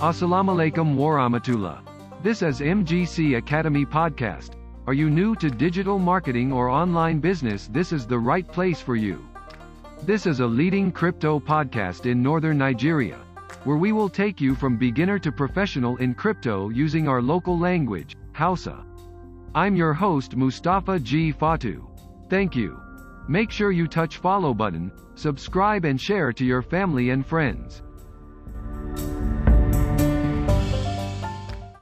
Assalamualaikum alaikum warahmatullah. This is MGC Academy Podcast. Are you new to digital marketing or online business? This is the right place for you. This is a leading crypto podcast in northern Nigeria, where we will take you from beginner to professional in crypto using our local language, Hausa. I'm your host Mustafa G. Fatu. Thank you. Make sure you touch follow button, subscribe and share to your family and friends.